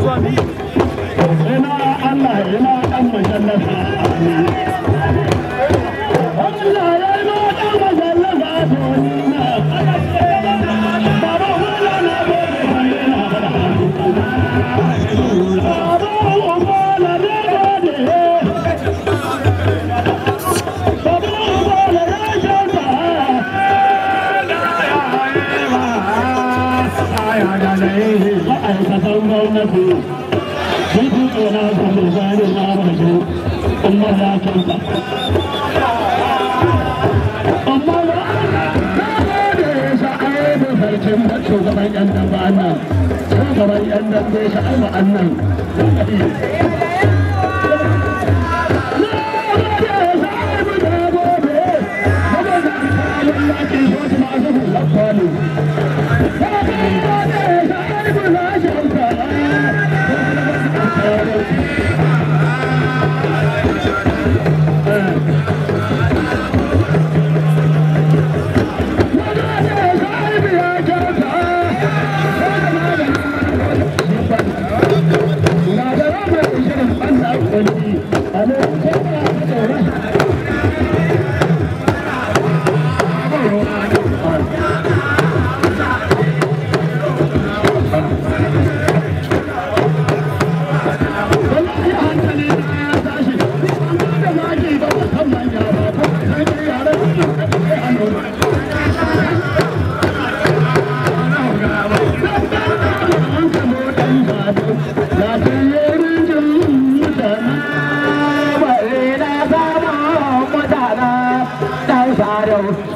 ina Allah Allah Hey, hey, hey. النبي يجب إلى الرجال da yan nan ba yan nan bai sha'awa annan Lord.